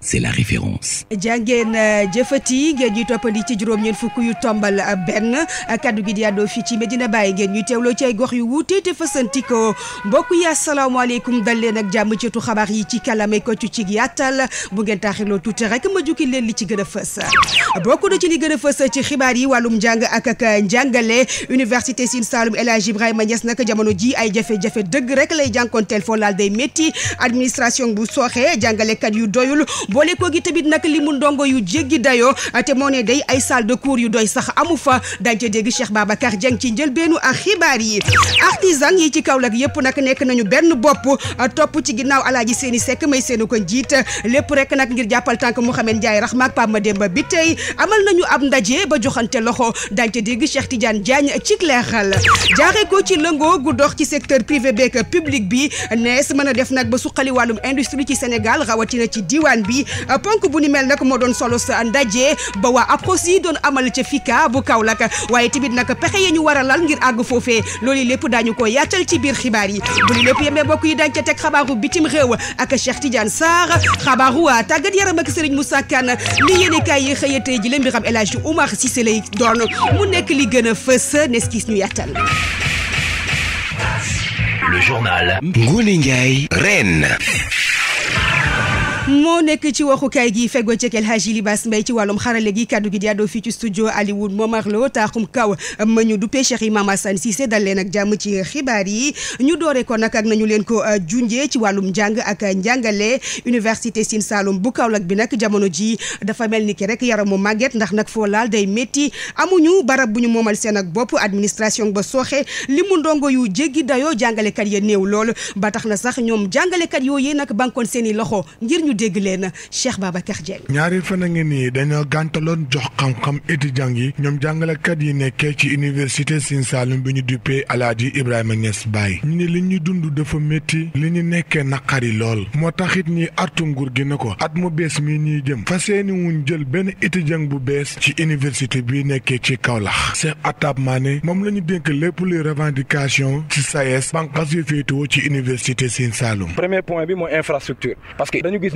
c'est la référence. jàngeen euh, jëfati ngeen ñuy toppandi ci juróom ñeen fukk yu tombal euh, benn kaddu gi di àddoo fii ci Medina Baye ngeen ñuy teewloo ci ay gox yu wuute te fasantikoo mbokk yi asalaamaaleykum dal leen ak jàmm ceetu tu xabaar yi ci kàllaame ko ci yàttal bu ngeen taaxiloo tuuti rek ma jukki leen li ci gën a fës. bokk nu ci li gën a fës ci xibaar yi wàllum njàng ak ak euh, njàngale université Sine Saloum El Hadj Ibrahima Niass nag jamono ji ay jafe dëgg rek lay jànkoonteel foo laal métti administration bu sooxe jàngalekat yu doyul boole ko gi tamit nag li mu ndongo yu jéggi dayoo te moo ne day ay salle de cours yu doy sax amu fa dañ ca dégg Cheikh Babacar Dieng ci njëlbeenu ak xibaar yi artisan yi ci Kaolack yëpp nag nekk nañu benn bopp topp ci ginnaaw alaaji seeni sekk may seenu ko njiit lépp rek nag ngir jàppal tànk Mouhamed Ndiaye Rahma ak Pape Mademba bi tey amal nañu ab ndaje ba joxante loxo dañ ca dégg Cheikh Tidiane Diagne ci leexal jaaree ko ci lëngoo gu dox ci secteur privé beek public bi nees mën a def nag ba suqali wàllum industrie ci Sénégal rawatina ci diwaan bi yi ponk bu ni mel nag moo doon solo sa ndaje ba waa APROSI doon amal ca fika bu Kaolack waaye tamit nag pexe ya ñu war a ngir àgg foofee loolu lépp daañu ko yaatal ci biir xibaar yi bu ñu lépp yemee mbokk yi daañu ca teg xabaaru bitim réew ak Cheikh Tidiane Sarr xabaaru waa tàggat yaram ak Serigne Moussa Kane li yéene kaay yi xëyatee ji la mbiram El Hadji Oumar Cissé lay doon mu nekk li gën a fës nes kiis ñu yaatal moo nekk ci waxukaay gi fegoo ci El Hadji Libaas Mbay ci wàllum xarale gi kaddu gi di àddoo fii ci studio Aliou Momar Lo taaxum kaw ma ñu duppee Cheikh Imam Assane Cissé dal leen ak jàmm ci xibaar yi ñu doore ko nag ak nañu leen ko euh, junjee ci wàllum njàng ak njàngale université Sine Saloum bu Kaolack bi nag jamono ji dafa mel ni ki rek yaram mu màgget ndax nag foo laal day métti amuñu barab bu ñu moomal seen ak bopp administration ba sooxe li mu ndongo yu jéggi dayoo jàngalekat ya néew lool ba tax na sax ñoom jàngalekat yooyu nag bankoon seen i loxo dégg leen Cheikh Babacar Dieng. ñaari fan a ngi nii dañoo gàntaloon jox xam-xam étudiants yi ñoom jàngalekat yi nekkee ci université Sine Saloum bi ñu duppee Alaaji Ibrahima Niass Baye ñu ne li ñu dund dafa métti li ñu nekkee naqari lool moo taxit ñi artu nguur gi na ko at mu bees mi ñuy jëm fas yéene wuñ jël benn étudiant bu bees ci université bi nekkee ci Kaolack Cheikh Atab Mané moom la dénk lépp luy revendication ci SAES bànqaas yu féetewoo ci université Sine Saloum. premier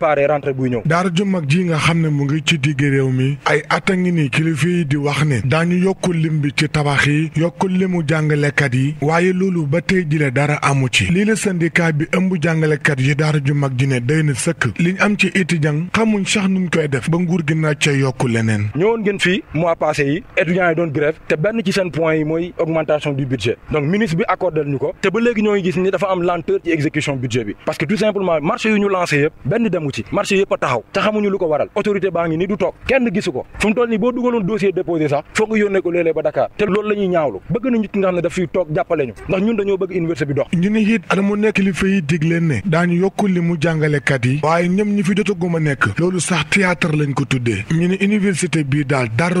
préparé rentrée buy ñëw daara ju mag ji nga xam ne mu ngi ci digg réew mi ay at a ngi nii kilifa yi di wax ne daañu yokku lim bi ci tabax yi yokku limu jàngalekat yi waaye loolu ba tey ji la dara amu ci lii la syndicat bi ëmb jàngalekat yi daara ju mag ji ne day na sëkk liñ am ci étudiant xamuñ sax nuñ koy def ba nguur gi naa ca yokku leneen ñëwoon ngeen fii mois passé yi étudiants yi doon grève te benn ci seen point yi mooy augmentation du budget donc ministre bi am lenteur ci exécution budget bi parce que tout simplement marché amu ci marché yëpp a taxaw te xamuñu lu ko waral autorité baa ngi ni du toog kenn gisu ko fu mu toll nii boo dugaloon dossier déposé sax foo nga yónnee ko léeg ba Dakar te loolu la ñaawlu bëgg nañu nga xam ne daf fiy toog jàppale ñu ndax ñun dañoo bëgg université bi dox ñu ne it ana nekk li fay dig leen ne daañu yokku li mu jàngalekat yi waaye ñoom ñi fi jotaguma nekk loolu sax théâtre lañ ko tuddee ñu ne université bii daal dara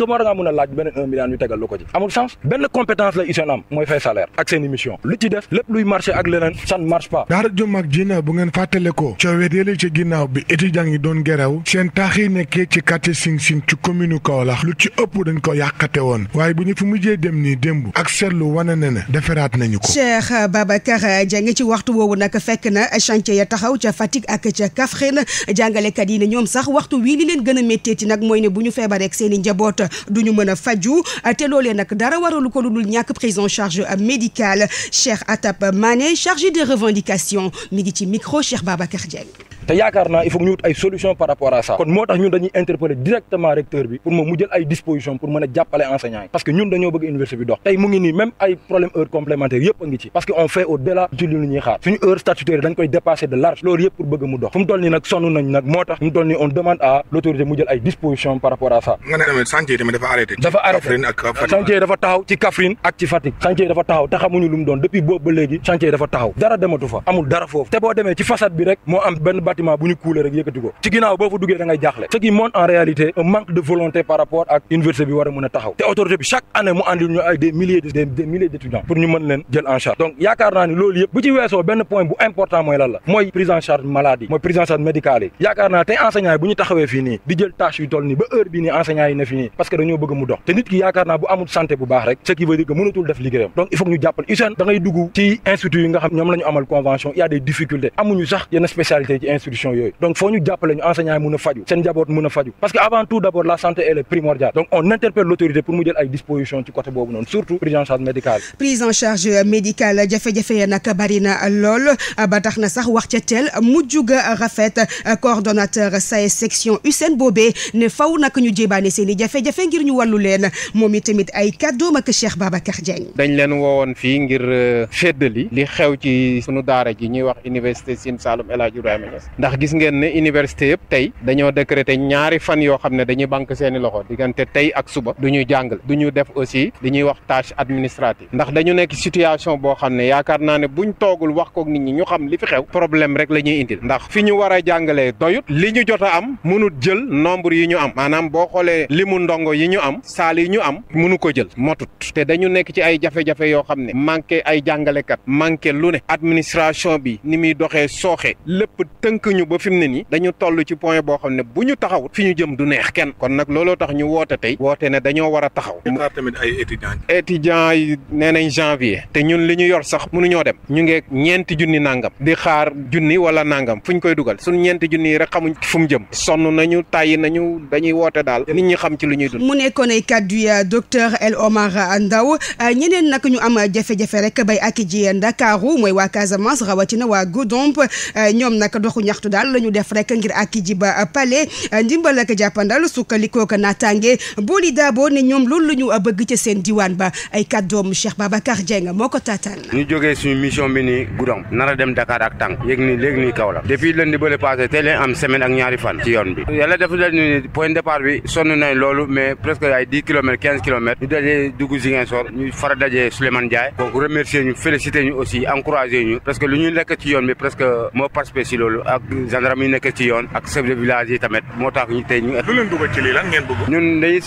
est-ce que moo mën a laaj benn un million ñu tegal lu ko ci amul sens benn compétence la usine am mooy fay salaire ak seen émission lu ci def lépp luy marché ak leneen ça ne marche daara jom ak bu ngeen fàttale ko coowet yële ci ginnaaw bi étudiants yi doon gerew seen taax nekkee ci quartier Sing ci commune Kaolack lu ci ëpp dañ ko yàqate woon waaye bu ñu fi mujjee dem nii démb ak seetlu wane na defaraat nañu ko Cheikh Babacar Dieng ci a méttee ci nag i du ñu mën a faju ate loole nag dara waralu ko lu dul ñàkk prise en charge médicale Cheikh Atap Mané chargé des revendications mi ngi ci micro Cheikh Babacar Dieng te yaakaar naa il faut ñu wut ay solution par rapport à ça kon moo tax ñun dañuy interpeller directement recteur bi pour moom mu jël ay disposition pour mën a jàppale enseignants yi parce que ñun dañoo bëgg université bi dox tey mu ngi nii même ay problème heure complémentaire yëpp a ngi ci parce que on fait au delà ci lu ñuy xaar suñu heure statutaire dañ koy dépasser de large loolu yëpp pour bëgg mu dox fu mu toll nii nag sonn nañ nag moo tax fu mu toll nii on demande à l' autorité mu jël ay disposition par rapport à ça nga ne tamit chantier tamit dafa arrêté dafa arrêté chantier dafa taxaw ci Kaffrine ak ci Fatick chantier dafa taxaw te xamuñu lu mu doon depuis boobu ba léegi chantier dafa taxaw dara dematu fa amul dara foofu te boo demee ci façade bi rek moo am benn bâtiment bu ñu kuule rek yëkkati ci ginnaaw boo fa duggee da ngay ce qui montre en réalité un manque de volonté par rapport ak université bi war a mën a taxaw te autorité bi chaque année mu àndil ñu ay des milliers des milliers pour ñu mën leen jël en charge donc yaakaar naa ni loolu yëpp bu ci weesoo benn point bu important mooy lan mooy prise en charge maladie mooy prise en charge médicale yaakaar naa tey enseignants bu ñu taxawee fii nii di jël tâche institution yooyu donc foo ñu jàppale ñu enseignants mun a faju seen njaboot mun a faju parce que avant tout d' la santé elle est primordiale donc on interpelle l' autorité pour mu jël ay dispositions ci côté boobu noonu surtout prise en charge médicale. prise en charge médicale jafe-jafe ya nag lool ba tax na sax wax ca teel mujj ga rafet coordonnateur SAES section Ussène Bobé ne faw nag ñu jébaane seen i jafe-jafe ngir ñu wàllu leen moom itamit ay kàddoom ak ndax gis ngeen ne université yëpp tey dañoo décréter ñaari fan yoo xam ne dañuy banque seeni loxo diggante tey ak suba du ñuy jàngale du ñu def aussi li ñuy wax tâche administrative ndax dañu nekk situation boo xam ne yaakaar naa ne buñ toogul wax kook nit ñi ñu xam li fi xew problème rek la ñuy indil ndax fi ñu war a jàngalee doyut li ñu jot a am mënut jël nombre yi ñu am maanaam boo xoolee limu ndongo yi ñu am saal yi ñu am mënu ko jël motut te dañu nekk ci ay jafe yoo xam ne manqué ay jàngalekat manqué lu ne administration bi ni muy doxee sooxe ñu ba fi mu ne nii dañu toll ci point boo xam ne bu ñu taxawut fi ñu ñu woote tey woote ne dañoo war a taxaw tamit ay étudiants étudiants janvier te ñun li ñu yor sax mënuñoo dem ñu ngeeg ñeenti junni nangam di xaar junni wala nangam fuñ koy dugal suñ ñeenti junni yi rek xamuñ fu mu jëm sonn nañu tàyyi nañu dañuy woote daal nit ñi xam ci lu ñuy dund mu nekkoon ay kàddu yi euh, docteur El Omar Ndaw euh, ñeneen nag ñu am jafe-jafe rek bay ak ji Ndakaaru mooy waa Casamance rawatina waa Goudomp euh, ñoom nag doxuñu ñaxtu daal la ñu def rek ngir ak ji ba palais ndimbal ak jàppandal sukkandikoo ko naataange Boli Dabo ne ñoom loolu la ñu bëgg ca seen diwaan ba ay kàddoom Cheikh Babacar Dieng moo ko taataan. ñu jógee suñu mission bi nii Goudomp nar a dem Dakar ak tànk yéeg nii léegi nii kaw la depuis lundi bële passé tey leen am semaine ak ñaari fan ci yoon ni point départ bi sonn nañ loolu mais presque ay dix kilomètres quinze kilomètres dajee dugg Ziguinchor ñu fara dajee Souleymane Ndiaye kooku remercier ñu féliciter ñu lu ñu nekk ci yoon bi presque moo participé si loolu ak gendarme yi nekk ci yoon ak chef de village yi tamit moo tax ñu tey ñu. lu leen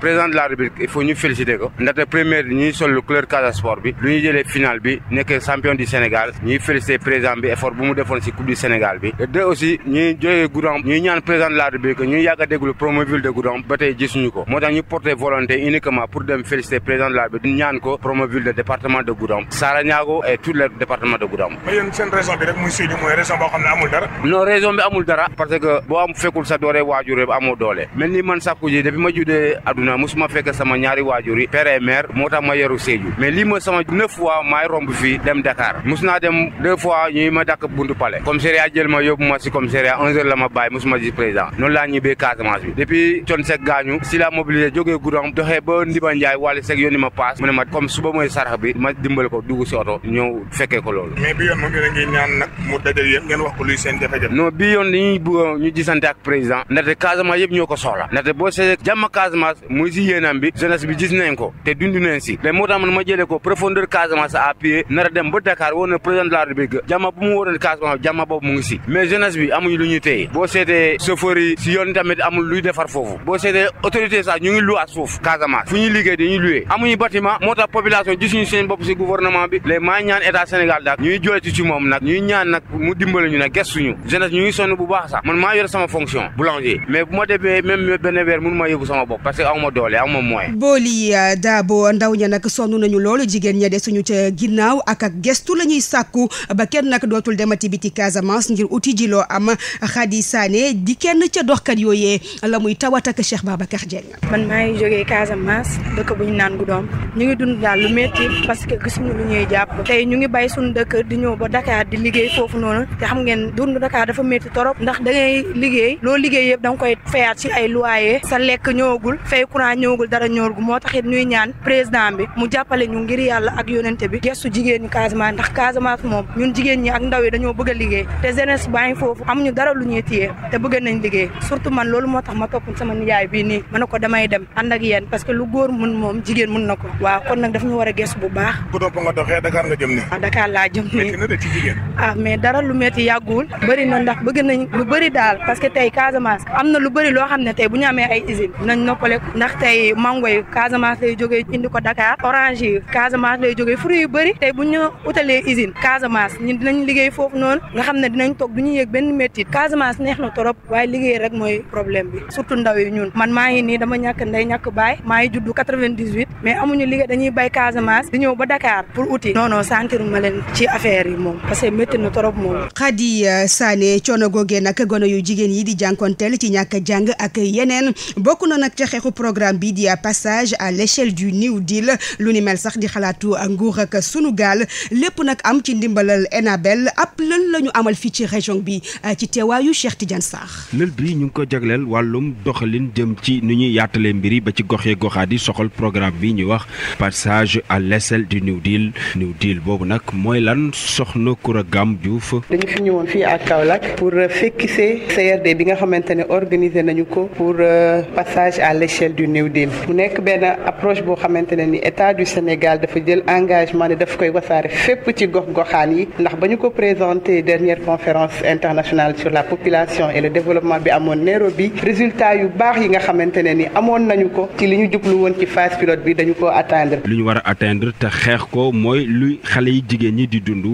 président de la République il faut ñu ko ndaxte première ñuy sol lu couleur Casa Sport bi lu ñuy jëlee final bi nekk champion du Sénégal ñuy féliciter président bi effort bu mu defoon si coupe du Sénégal bi. deux aussi ñuy jógee Goudomp ñuy ñaan président de la République ñuy yàgg a déglu de Goudomp ba tey gisuñu ko moo tax ñu porter volonté uniquement pour dem féliciter président de la non raison bi amul dara parce que boo am fekkul sa doole waajur rek amoo doole mel ni man Sakku Dieng depuis ma juddee aduna ma fekk sama ñaari waajur yi père et moo tax ma yaru Sédhiou mais lii ma sama neuf fois maay romb fii dem Dakar mus naa dem deux fois ñuy ma dakk buntu palais commissariat jël ma yóbbu ma si commissariat onze la ma bàyyi musuma si ba Ndiba Ndiaye wàllu sec yónni ma paas mu ne ma comme suba mooy bi ma dimbal ko dugg si oto ñëw fekkee ko loolu. mais bi yoon moom jafe-jafe bii yoon dañuy bëgg euh, ñu gisante ak président ndaxte Casamance yëpp ñoo ko soxla ndaxte boo seetee jàmm Casamance muy si bi jeunesse bi gis nañ ko te dund si mais moo tax man ma jëlee ko profondeur Casamance à pied nar a dem ba Dakar woon na président de la République jàmm bu mu waroon Casamance jàmm boobu mu ngi si mais jeunesse bi amuñu lu ñuy téye boo seetee chauffeur yi si yoon tamit amul luy defar foofu boo seetee autorité sax ñu ngi luwaat suuf Casamance fu ñuy liggéey sonn ñu ngi sonn bu baax sax man maa yor sama fonction boulanger mais bu ma demee même benn weer mënu ma yóbbu sama bopp parce que aw doole aw ma moyen Boli euh, ndaw ña nag sonn nañu loolu jigéen ña de suñu ca ginnaaw ak ak gestu ñuy sàkku ba kenn nag dootul demati biti Casamance ngir uti ji loo am Khady Sané di kenn ca doxkat yooyee la muy tawat ak Cheikh Babacar Dieng man maa ngi jógee Casamance dëkk bu ñu naan Goudomp ñu ngi dund daal lu métti parce que gisuñu lu ñuy jàpp Dakar dafa métti torop ndax da ngay liggéey loo liggéey yëpp da nga koy fayaat ci ay loyer sa lekk ñëwagul fay courant ñëwagul dara ñëwagul moo taxit ñuy ñaan président bi mu jàppale ñu ngir yàlla ak yonente bi gestu jigéen ñi Casamance ndax Casamance moom ñun jigéen ñi ak ndaw yi dañoo bëgg liggéey te jeunesse baa ngi foofu am ñu dara lu ñuy téye te bëgg nañ liggéey surtout man loolu moo tax ma topp sama nijaay bi nii ma ne ko damay dem ànd ak yéen parce que lu góor mun moom jigéen mun na ko waaw kon nag daf ñu war a bu baax ku topp nga doxee Dakar nga jëm bëri na ndax bëgg nañ lu bëri daal parce que tey Casamance am na lu bëri loo xam ne tey bu ñu amee ay usine nañ noppale ndax tey mango yi Casamance lay jógee indi ko Dakar orange yi Casamance lay jógee fruit yu bëri tey bu ñu utalee usine Casamance ñun dinañ liggéey foofu noonu nga xam ne dinañ toog du ñu yëg benn métti Casamance neex na trop waaye liggéey rek mooy problème bi surtout ndaw yi ñun man maa ngi nii dama ñàkk ndey ñàkk baay maa ngi juddu 98 mais amuñu liggéey dañuy bay Casamance di ñëw ba Dakar pour uti non non ma leen ci affaire yi moom parce que métti na trop Sané coono googee nag gone yu jigéen yi di jànkonteel ci ñàkk jàng ak yeneen bokk na nag ca xeexu programme bi di passage à l'échelle du New Deal lu ni mel sax di xalaatu nguur ak sunu gaal lépp nag am ci ndimbalal Enabel ab lël la ñu amal fii ci région bi ci teewaayu Cheikh Tidiane Sarr. lël bi ñu ngi ko jagleel wàllum doxalin jëm ci nu ñuy yaatalee yi ba ci gox yee goxaat yi soxal programme bi ñuy wax passage à l'échelle du New Deal New Deal boobu nag mooy lan soxna Kaolack pour euh, fekkisee CRD bi nga xamante ne organiser nañu ko pour euh, passage à l'échelle du New Deal mu nekk benn approche boo xamante ne ni état du Sénégal dafa jël engagement ne daf koy wasaare fépp ci gox-goxaan yi ndax ba ñu ko présenté dernière conférence internationale sur la population et le développement bi amoon Nairobi résultat yu baax yi nga xamante ne ni amoon nañu ko ci li ñu jublu woon ci phase pilote bi dañu ko atteindre. lu ñu war a atteindre te xeex ko mooy luy xale yi jigéen ñi di dund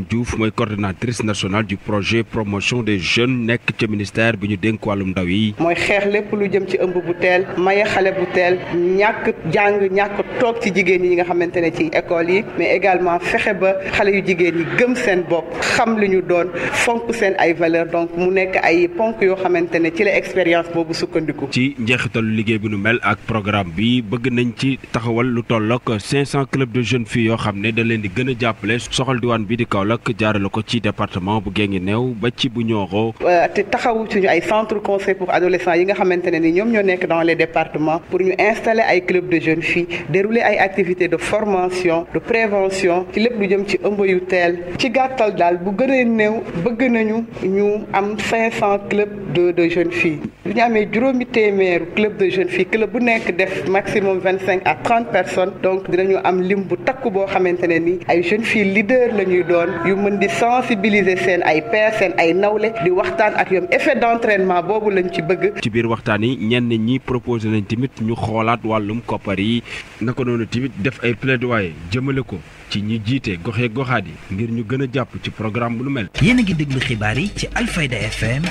Dame Diouf mooy coordinatrice nationale du projet promotion des jeunes nekk ca ministère bi ñu dénk wàllum ndaw yi. mooy xeex lépp lu jëm ci ëmb bu teel maye xale bu teel ñàkk jàng ñàkk toog ci jigéen ñi nga xamante ne ci école yi mais également fexe ba xale yu jigéen ñi gëm seen bopp xam li ñu doon fonk seen ay valeur donc mu nekk ay ponk yoo xamante ne ci la expérience boobu sukkandiku. ci njeexitalu liggéey bi nu mel ak programme bi bëgg nañ ci taxawal lu tollook 500 clubs de jeunes filles yoo xam ne da leen di gën a jàppale soxal diwaan bi di Kaolack jaarale ko ci département bu Guinguinéo ba ci bu Nioro. Euh, te taxawu suñu ay centre conseil pour adolescents yi nga xamante ne ni ñoom ñoo nekk dans les départements pour ñu installe ay club de jeunes filles dérouler ay activité de formation de prévention ci lépp lu jëm ci ëmb yu teel ci gàttal daal bu gënee néew bëgg nañu ñu am 500 club de de jeunes filles bu ñu amee juróomi téeméeru club de jeunes fii club bu nekk def maximum 25 à trente personnes donc dinañu am lim bu takku boo xamante ne ni ay jeunes filles leaders la ñuy doon yu mën di sensibiliser seen ay père seen ay nawle di waxtaan ak yom effet d'entraînement boobu lañ ci bëgg. ci biir waxtaan yi ñenn ñi proposé nañ tamit ñu xoolaat wàllum koppar yi na ko noonu tamit def ay plaidoyer jëmale ko ci ñi jiite goxee goxaat yi ngir ñu gën a jàpp ci programme bu lu mel. yéen a ngi déglu xibaar yi ci Alfayda FM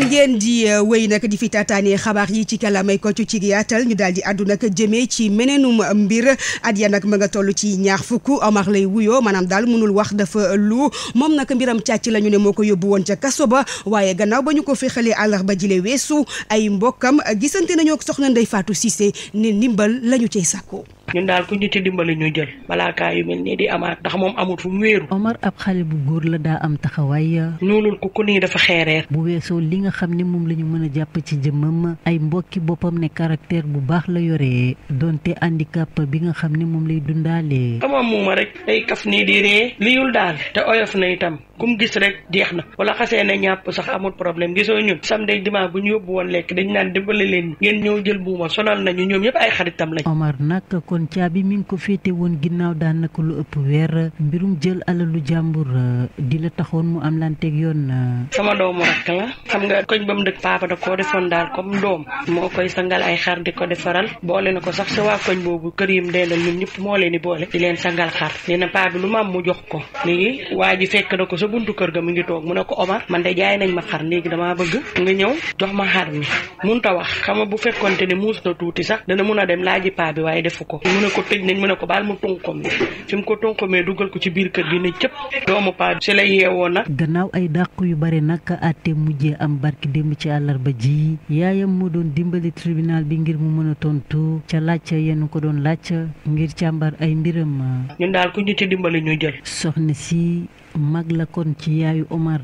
ngeen di euh, wéy nag di fi taataanee xabaar yi ci kàllaamay ko ci yaatal ñu daal di àddu nag jëmee ci meneenum mbir at ya nag ma nga toll ci ñaar fukk Omar lay wuyoo maanaam daal mënul wax dafa lu moom nag mbiram càcc la ñu ne moo ko yóbbu woon ca kaso ba waaye gannaaw ba ñu ko féexalee àllarba jile weesu ay mbokkam gisante nañoo soxna Ndeye Fatou Cissé ne ndimbal la ñu cay sàkkoo ñun daal ku ñu ci dimbali ñu jël balaa kaa yu mel nii di amaat ndax moom amul fu mu wéeru Omar ab xale bu góor la daa am taxawaay ñuulul ku ku nii dafa xeereer bu weesoo li nga xam ne moom la ñu mën a jàpp ci jëmmam ay mbokki boppam ne caractère bu baax la yore donte handicap bi nga xam ne moom lay dundaalee ama muuma rek day kaf nii di ree liyul daal te oyof na itam kum gis rek jeex na wala xasee na ñàpp sax amul problème gisoo ñun sa dimanche bu ñu yóbbu woon lekk dañ naan dimbali leen ngeen ñëw jël buuma sonal nañu ñoom ñëpp ay xaritam lañ Omar nag kon maanaam caabi mi ngi ko féete woon ginnaaw daanaka lu ëpp weer mbirum jël alalu jàmbur euh, di la taxoon mu am lanteeg yoon. Euh. sama doom rakk la xam nga koñ ba mu dëkk paapa da koo defoon daal comme doom moo koy sangal ay xar di ko defaral boole na ko sax si waa koñ boobu kër yi mu dendal ñun ñëpp moo leen di boole di leen sangal xar nee na paa lu ma am mu jox ko léegi waa ji fekk na ko sa buntu kër ga mu ngi toog mu ne ko Omar man de jaay nañ ma xar léegi damaa bëgg nga ñëw jox ma xar mi munta wax xam nga bu fekkonte ne muus na tuuti sax dana mun a dem laaji paa bi waaye defu ko mu ne ko tëj nañ mu ne ko baal mu tonkom ne mu ko tonkomee dugal ko ci biir kër gi ne cëpp doomu paa si la yeewoo nag gannaaw ay dàq yu bare nag àtte mujjee am barki démb ci àllarba ji yaayam moo doon dimbali tribunal bi ngir mu mën a tontu ca laaj yéen ko doon laaj ngir càmbar ay mbiram ñun daal ku ñu ci dimbali ñu jël soxna si mag la kon ci yaayu Omar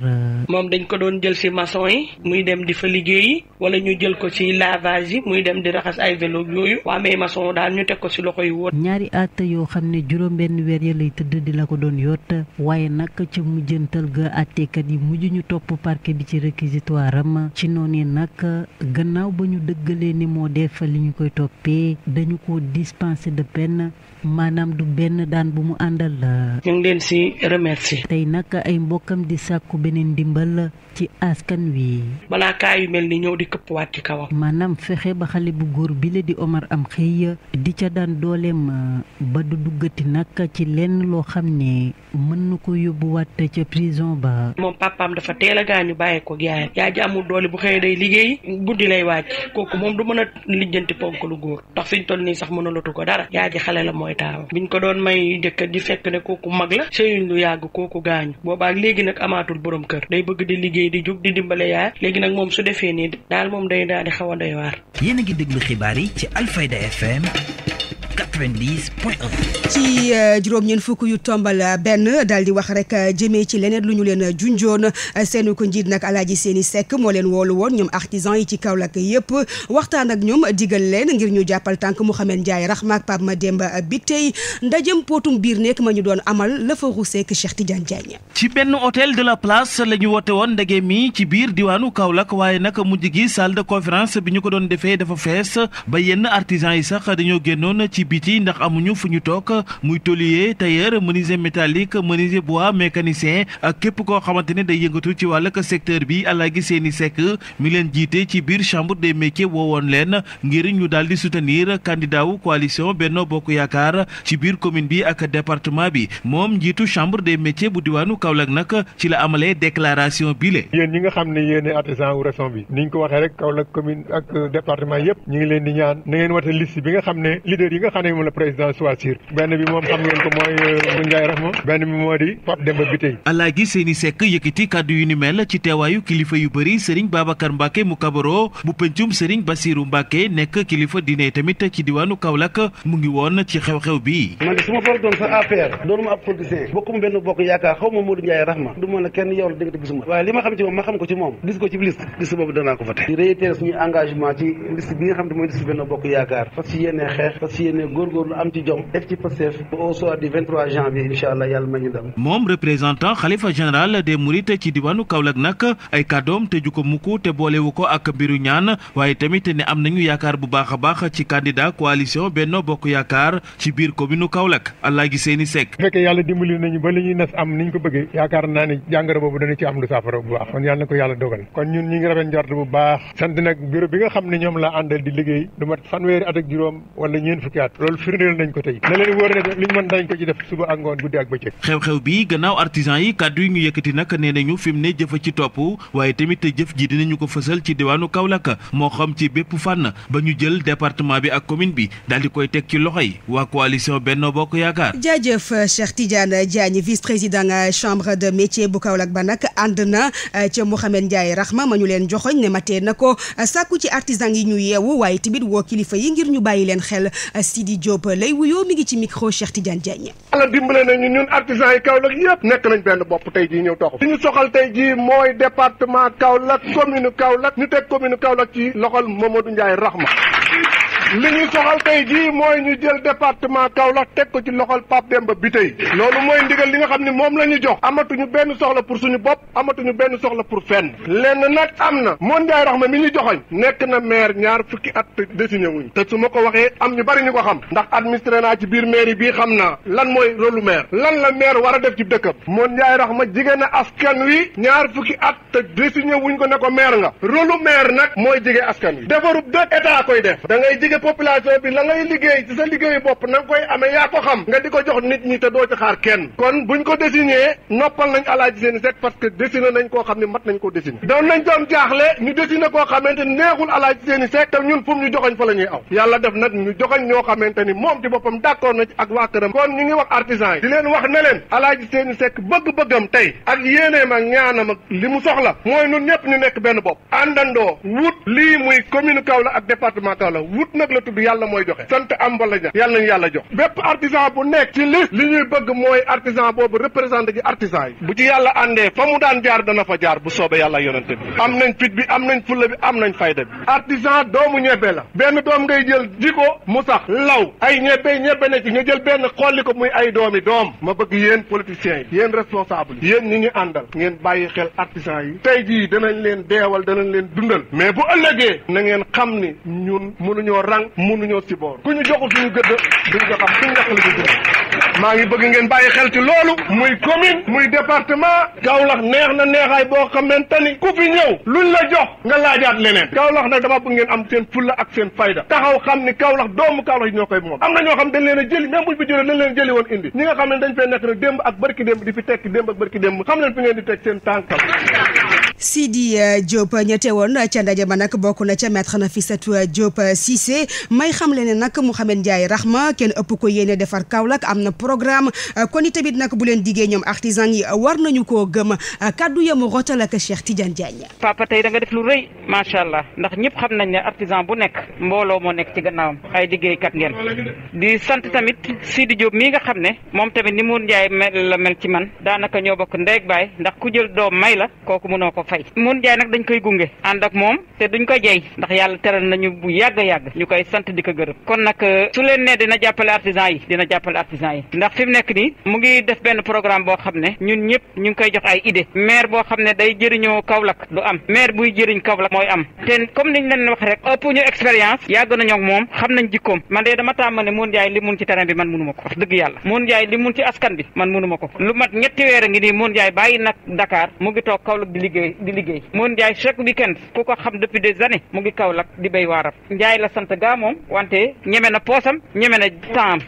moom dañ ko doon jël si maçon yi muy dem di fa liggéeyi wala ñu jël ko ci lavage yi muy dem di raxas ay vélo yooyu waa mais maçon daal ñu teg ko ci loxo yi wóor. ñaari at yoo xam ne juróom benn weer ya lay tëdd di la ko doon yott waaye nag ca mujjantal ga àtteekat yi mujj ñu topp parquet bi ci réquisitoire am ci noonu nag gannaaw ba ñu dëggalee ni moo def li ñu koy toppee dañu ko dispensé de peine maanaam du benn daan bu mu àndal. ñu ngi leen ci remercier. tey nag ay mbokkam di sàkku beneen ndimbal. ci askan wi. balaa kaa yu mel ni ñëw di këppwaat ci kawam. maanaam fexe ba xale bu góor bi la di Omar am xëy di ca daan dooleem ah, ba du duggati nag ci lenn loo xam ni mën na ko yóbbuwaat ca prison ba. moom papaam dafa teel a gaañu bàyyi ko yaayam. yaa ji amul doole bu xëyee day liggéey guddi lay waaj kooku moom du mën a lijjanti ponk lu góor ndax fi ñu sax nii sax mënalatu ko dara. yaa ji xale la mooy bi ñu ko doon may jëkkër ji fekk ne kooku mag la yàgg kooku di jug di dimbale yaay léegi nag moom su defee nii daal moom day daal di xaw a doy waar. yéen a ngi déglu xibaar yi ci Alfayda FM. 90.1. ci euh, juróom ñeen fukk yu tombal euh, benn daal di wax rek euh, jëmee ci leneen lu ñu leen junjoon seen ko njiit nag alaaji seeni sekk moo leen woolu woon ñoom artisan yi ci Kaolack yëpp waxtaan ak ñoom digal leen ngir ñu jàppal tànk Mouhamed Ndiaye Rahma ak Pape Mademba Biteye ndajem pootum biir nekk ma ñu doon amal la fa ruuseek Cheikh Tidiane Diagne. ci benn hôtel de la place la ñu woote woon ndege mi ci biir diwaanu Kaolack waaye nag mu gi salle de conférence bi ñu ko doon defee dafa fees ba yenn artisan yi sax yi ndax amuñu fu ñu toog muy tôlier tailleur menuisier métallique menuisier bois mécanicien ak képp koo xamante ne day yëngatu ci wàll secteur bi Alaaji Seyni Seck mi leen jiite ci biir chambre des métiers woowoon leen ngir ñu daal di soutenir candidat wu coalition Benno Bokk Yaakaar ci biir commune bi ak département bi moom njiitu chambre de métiers bu diwaanu Kaolack nag ci la amalee déclaration bile. yéen ñi nga xam ne yéen artisan wu région bi ni ko waxee rek Kaolack commune ak département moom la président choisir benn bi moom xam ngeen ko mooy mu euh, Ndiaye Rahma benn bi moo di Pape Demba Bitèye Alaaji Seyni Seck yëkkati kàddu yu ni mel ci ngi woon ci xew-xew bi man de su ma doon sa APR doonu ma ab politicien bokkuma benn bokk yaakaar xaw ma Modou Ndiaye Rahma du ma la kenn yow la gisuma waaye li ma xam ci moom ma xam ko ci moom gis ko ci liste liste boobu danaa ko voté di réitérer suñu engagement ci liste bi nga xam ne mooy liste benn bokk yaakaar fas ci yéene xeex fas ci yéene góorgóorlu am ci moom représentant xalifa général des Mourides ci diwaanu Kaolack nag ay kàddoom tëju ko mukk te boolewu ko ak mbiru ñaan waaye tamit ne am nañu yaakaar bu baax a baax ci candidat coalition Benno Bokk Yaakaar ci biir commune Kaolack allah gi seeni sekk. bu fekkee yàlla dimbali nañu ba li ñuy nas am niñ ko bëggee yaakaar naa ne jàngoro boobu dana ci am lu saafara bu baax kon yàlla na ko yàlla dogal kon ñun ñi ngi rafet njort bu baax sant nag bureau bi loolu firndeel nañ ko tey na leen wóor ne liñ mën dañ ko ci def suba ak ngoon guddi ak bëccëg xew-xew bi gannaaw artisan yi kàddu yi ñu yëkkati nag nee nañu fi ne jëfa ci topp waaye tamit jëf ji dinañu ko fësal ci diwaanu Kaolack moo xam ci bépp fànn ba ñu jël département bi ak commune bi daal di koy teg ci loxo yi waa coalition Benno Bokk Yaakaar jaajëf Cheikh Tidiane Diagne vice président chambre de métier bu Kaolack ba nag ànd na eh, ca Mouhamed Ndiaye Rahma ma ñu leen joxoñ ne matee na ko eh, sàkku ci artisan yi ñu yeewu waaye tamit woo kilifa yi ngir Diop lay wuyoo mi ngi ci micro Cheikh Tidiane Diagne. yàlla dimbale nañu ñun artisans yi Kaolack yëpp nekk nañ benn bopp tey jii ñëw toog li ñu soxal tey jii mooy département Kaolack commune Kaolack ñu teg commune Kaolack ci loxol Mamadou Ndiaye Rahma li ñu soxal tey jii mooy ñu jël département Kaolack teg ko ci loxol Pape Demba bi tey loolu mooy ndigal li nga xam ne moom la ñu jox amatuñu benn soxla pour suñu bopp amatuñu benn soxla pour fenn lenn nag am na moon Ndiaye ma mi ñu joxoñ nekk na meer ñaar fukki at désigné wuñ te su ma ko waxee am ñu bari ñu ko xam ndax administré naa ci biir mairie bii xam naa lan mooy rôlu maire lan la maire war a def ci dëkkam moon Ndiaye Rahma jigéen a askan wi ñaar fukki at te désigné ko ne ko maire nga rôlu maire nag mooy jigee askan wi defarub koy population bi la nga liggéey ci sa liggéeyu bopp na nga koy amee yaa ko xam nga di ko jox nit ñi te doo ci xaar kenn kon buñ ko désigné noppal nañ alaaji seeni sek parce que désigné nañ koo xam ne mat nañ ko désigné doon nañ doon jaaxle ñu désigné koo xamante ni neexul alaaji seeni sek te ñun fu mu ñu joxoñ fa la aw yàlla def nag ñu joxoñ ñoo xamante ni moom ci boppam d'accord na ci ak waa këram kon ñu ngi wax artisan yi di leen wax ne leen alaaji seeni sek bëgg-bëggam tey ak yéeneem ak li mu soxla mooy ñun ñëpp ñu nekk benn bopp àndandoo wut lii muy commune Kaolack ak rek la tudd yàlla mooy joxe sant am wala ña yàlla nañu yàlla jox bépp artisan bu nekk ci li li ñuy bëgg mooy artisan boobu représenté ji artisan yi bu ci yàlla àndee fa mu daan jaar dana fa jaar bu soobee yàlla yonente bi am nañ fit bi am nañ fulla bi am nañ fayda bi artisan doomu ñebe la benn doom ngay jël ji mu sax law ay ñebe ñebe ne ci nga jël benn xolli ko muy ay doomi doom ma bëgg yéen politiciens yi yéen responsable yi yéen ñi ñu àndal ngeen bàyyi xel artisan yi tey jii danañ naan mënuñoo si boor ku ñu joxul suñu gëdd duñ ko xam suñu ñàkk la maa ngi bëgg ngeen bàyyi xel ci loolu muy commune muy département Kaolack neex na neexaay boo xamante ni ku fi ñëw luñ la jox nga laajaat leneen Kaolack nag dama bëgg ngeen am seen fulla ak seen fayda taxaw xam ni Kaolack doomu Kaolack yi ñoo koy moom am na ñoo xam dañ leen a jëli même buñ fi jëlee dañ leen jëli woon indi ñi nga xam ne dañ fee nekk nag démb ak barki démb di fi tekki démb ak barki démb xam leen fi ngeen di teg seen tànkam Sidi euh, Diop ñette woon ca ndaje ma nag bokk na ca maître Nafissatou euh, Diop euh, Cissé may xam leen ne nag Mouhamed Ndiaye Rahma kenn ëpp ko yéene defar Kaolack am programme euh, kon itamit nag bu leen diggee ñoom artisan yi war nañu koo gëm euh, kaddu yamu rotal ak Cheikh Tidiane Diagne. papa tey da nga def lu rëy macha allah ndax ñëpp xam nañ ne artisan bu nekk mbooloo moo nekk ci gannaawam ay liggéeykat ngeen di sant tamit Sidi Diop mii nga xam ne moom tamit ni mu Ndiaye mel la mel ci man daanaka ñoo bokk ndeeg baay ndax ku jël doom may la kooku mënoo ko fay mun Ndiaye nag dañ koy gunge ànd ak moom te duñ ko jey ndax yàlla teral nañu bu yàgg a yàgg ñu koy di ko gërëm kon nag euh, su leen ne dina ndax fi mu nekk nii mu ngi def benn programme boo xam ne ñun ñëpp ñu ngi koy jox ay idée maire boo xam ne day jëriñoo Kaolack du am maire buy jëriñ Kaolack mooy am te comme ni niñ leen wax rek ëpp ñu expérience yàgg nañoo ak moom xam nañ jikkoom man de dama tàmm ne mun Ndiaye li mun ci terrain bi man mënuma ko wax dëgg yàlla mun Ndiaye li mun ci askan bi man mënuma ko lu mat ñetti weer a ngi nii mun Ndiaye bàyyi nag Dakar mu ngi toog Kaolack di liggéey di liggéey mun Ndiaye chaque weekend ku ko xam depuis des années mu ngi Kaolack di béy waaram Ndiaye la sant gaa moom wante ñeme na poosam ñeme na taam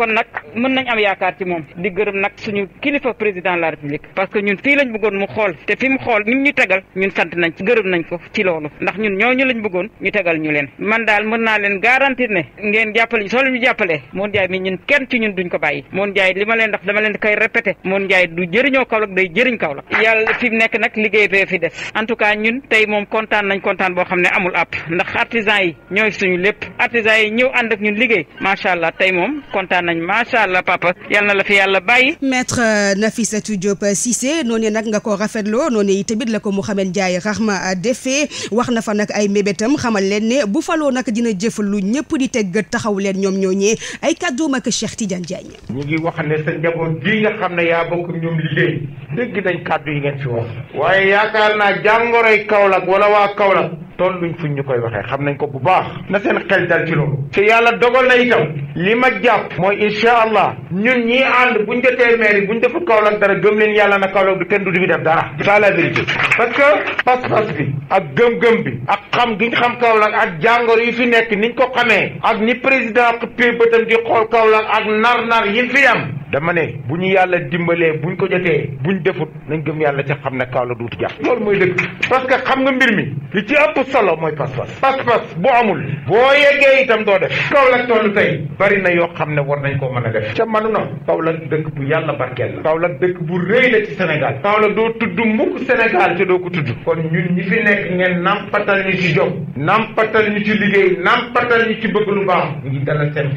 kon nag mën nañ am yaakaar ci moom di gërëm nag suñu kilifa président de la république parce que ñun fii lañ bëggoon mu xool te fi mu xool ni ñu tegal ñun sant nañ ci gërëm nañ ko ci loolu ndax ñun ñooñu lañ bëggoon ñu tegal ñu leen man daal mën naa leen garantir ne ngeen jàppale soo leen ñu jàppalee moon njaay mi ñun kenn ci ñun duñ ko bàyyi moon njaay li ma leen ndax dama leen koy répété moon njaay du jëriñoo Kaolack day jëriñ Kaolack yàlla fi mu nekk nag liggéey bee fi des en tout cas ñun tey moom kontaan nañ kontaan boo xam ne amul àpp ndax artisan yi ñooy suñu lépp artisan yi ñëw ànd ak ñun liggéey macha allah tey moom kontaan nañ macha allah papa yal na la fi yàlla bàyyi. maître euh, Nafissatou Diop euh, Cissé noonu nag nga ko rafetloo noonu itamit la ko Mouhamed Ndiaye Rahma euh, defee wax na fa nag ay mébétam xamal leen ne bu faloo nag dina jëf lu ñëpp di teg taxaw leen ñoom ñooñee ay kàddoom ak Cheikh ti Diagne. ñu ngi wax ne sa njaboot gii nga xam ne yaa bokk ñoom liggéey dégg nañ kàddu yi ngeen fi wax. waaye yaakaar naa jàngoroy Kaolack wala waa Kaolack. tolluñ fuñ ñu koy waxee xam nañ ko bu baax na seen xel dal ci loolu te yàlla dogal na itam li ma jàpp mooy insha allah ñun ñii ànd buñ jotee mairie buñ deful Kaolack dara gëm leen yàlla na Kaolack du kenn du fi def dara ça la vérité parce que pas-pas bi ak gëm-gëm bi ak xam giñ xam Kaolack ak jàngoro yi fi nekk niñ ko xamee ak ni président pé bëtam di xool Kaolack ak nar-nar yi fi am dama ne bu ñu yàlla dimbalee buñ ko jotee bu ñu defut nañ gëm yàlla ca xam ne kaw la duutu jàpp loolu mooy dëkk parce que xam nga mbir mi li ci ëpp solo mooy pas-pas pas-pas bu amul boo yeggee itam doo def kaw la toll tey bari na yoo xam ne war nañ koo mën a def ca manu na kaw la dëkk bu yàlla barkeel la kaw la dëkk bu rëy la ci Sénégal kaw la doo tudd mukk Sénégal ca doo ko tudd kon ñun ñi fi nekk ngeen nampatal ñu ci jom nampatal ñu ci liggéey nampatal ñu ci bëgg lu ñu ngi dalal seen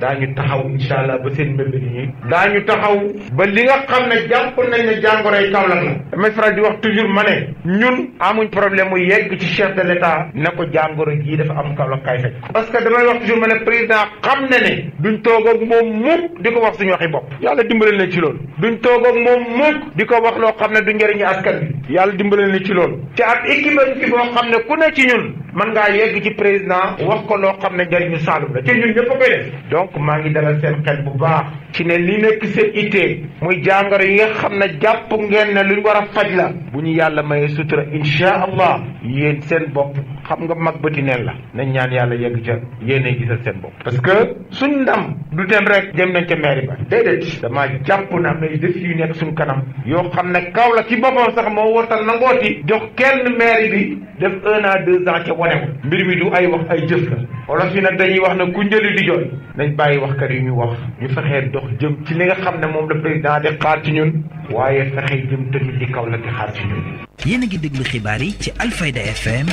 xel ñoom incha allah ba seen mbébét yi daañu taxaw ba li nga xam ne jàpp nañ ne jàngoroy Kaolack la damay faral di wax toujours ma ne ñun amuñ problème mu yegg ci chef de l' état na ko jàngoro jii dafa am Kaolack kay faj parce que damay wax toujours ma ne président xam ne ne duñ toog ak moom mukk di ko wax suñu waxi bopp yàlla dimbale na ci loolu duñ toog ak moom mukk di ko wax loo xam ne du njëriñu askan bi yàlla dimbale na ci loolu ci ab équipe ci boo xam ne ku ne ci ñun mën ngaa yegg ci président wax ko loo a dalal seen xel bu baax ci ne li nekk seen ittee muy jàngaro yi nga xam na jàpp ngeen ne luñ war a faj la bu ñu yàlla mayee sutura insha allah yéen seen bopp xam nga mag bëti neen la nañ ñaan yàlla yegg ca yéenay gisal seen bopp parce que suñ ndam du dem rek dem nañ ca mairie ba déedéet damaa jàpp na am na def yu nekk suñ kanam yoo xam ne kaw la ci boppam sax moo wartal nangooti jox kenn mairie bi def un an deux ans ca mbir mi du ay wax ay jëf la olof yi nag dañuy wax na ku njëli di jot nañ bàyyi waxkat yi ñu wax ñu fexee dox jëm ci li nga xam ne moom la président di xaar ci ñun waaye fexe jëm tamit di kaw la di xaar ci ñun. yéen a ngi déglu xibaar yi ci Alfayda FM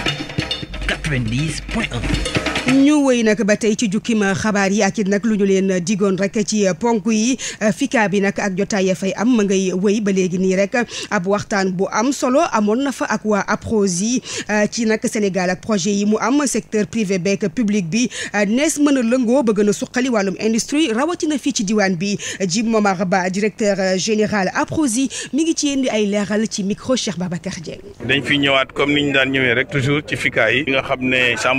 90 point 1. ñu wëy nag ba tey ci jukkim xabaar yi ak it nag lu ñu leen digoon rek ci ponk yi fika bi nag ak jotaay ya fay am ma ngay wëy ba léegi nii rek ab waxtaan bu am solo amoon na fa ak waa APROSI eh, ci nag Sénégal ak projet yi mu am secteur privé beeg public bi eh, nees mën a lëngoo bëgg na suqali wàllum industrie rawatina fii ci diwaan bi Djib Momar Ba directeur eh, général APROSI mi ngi ci yéen ay leeral ci micro Cheikh Babacar Dieng. dañ fi ñëwaat comme ni ñu daan ñëwee rek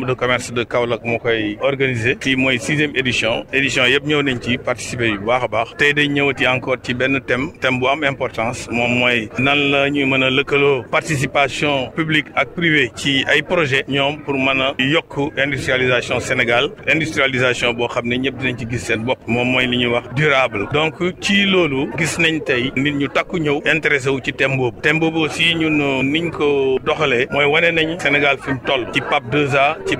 de commerce nag moo koy organiser fii mooy sixième édition édition yëpp ñëw nañ ci participer bu baax a baax tey dañ ñëwati encore ci benn thème thème bu am importance moom mooy nan la ñuy mën a lëkkaloo participation publique ak privée ci ay projet ñoom pour mën a yokk industrialisation Sénégal industrialisation boo xam ne ñëpp dinañ ci gis seen bopp moom mooy li ñuy wax durable donc ci loolu gis nañ tey nit ñu takku ñëw intéressé wu ci thème boobu thème boobu aussi ñun niñ ko doxalee mooy wane nañ Sénégal fi mu ci PAP 2